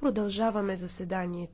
Продължаваме заседанието.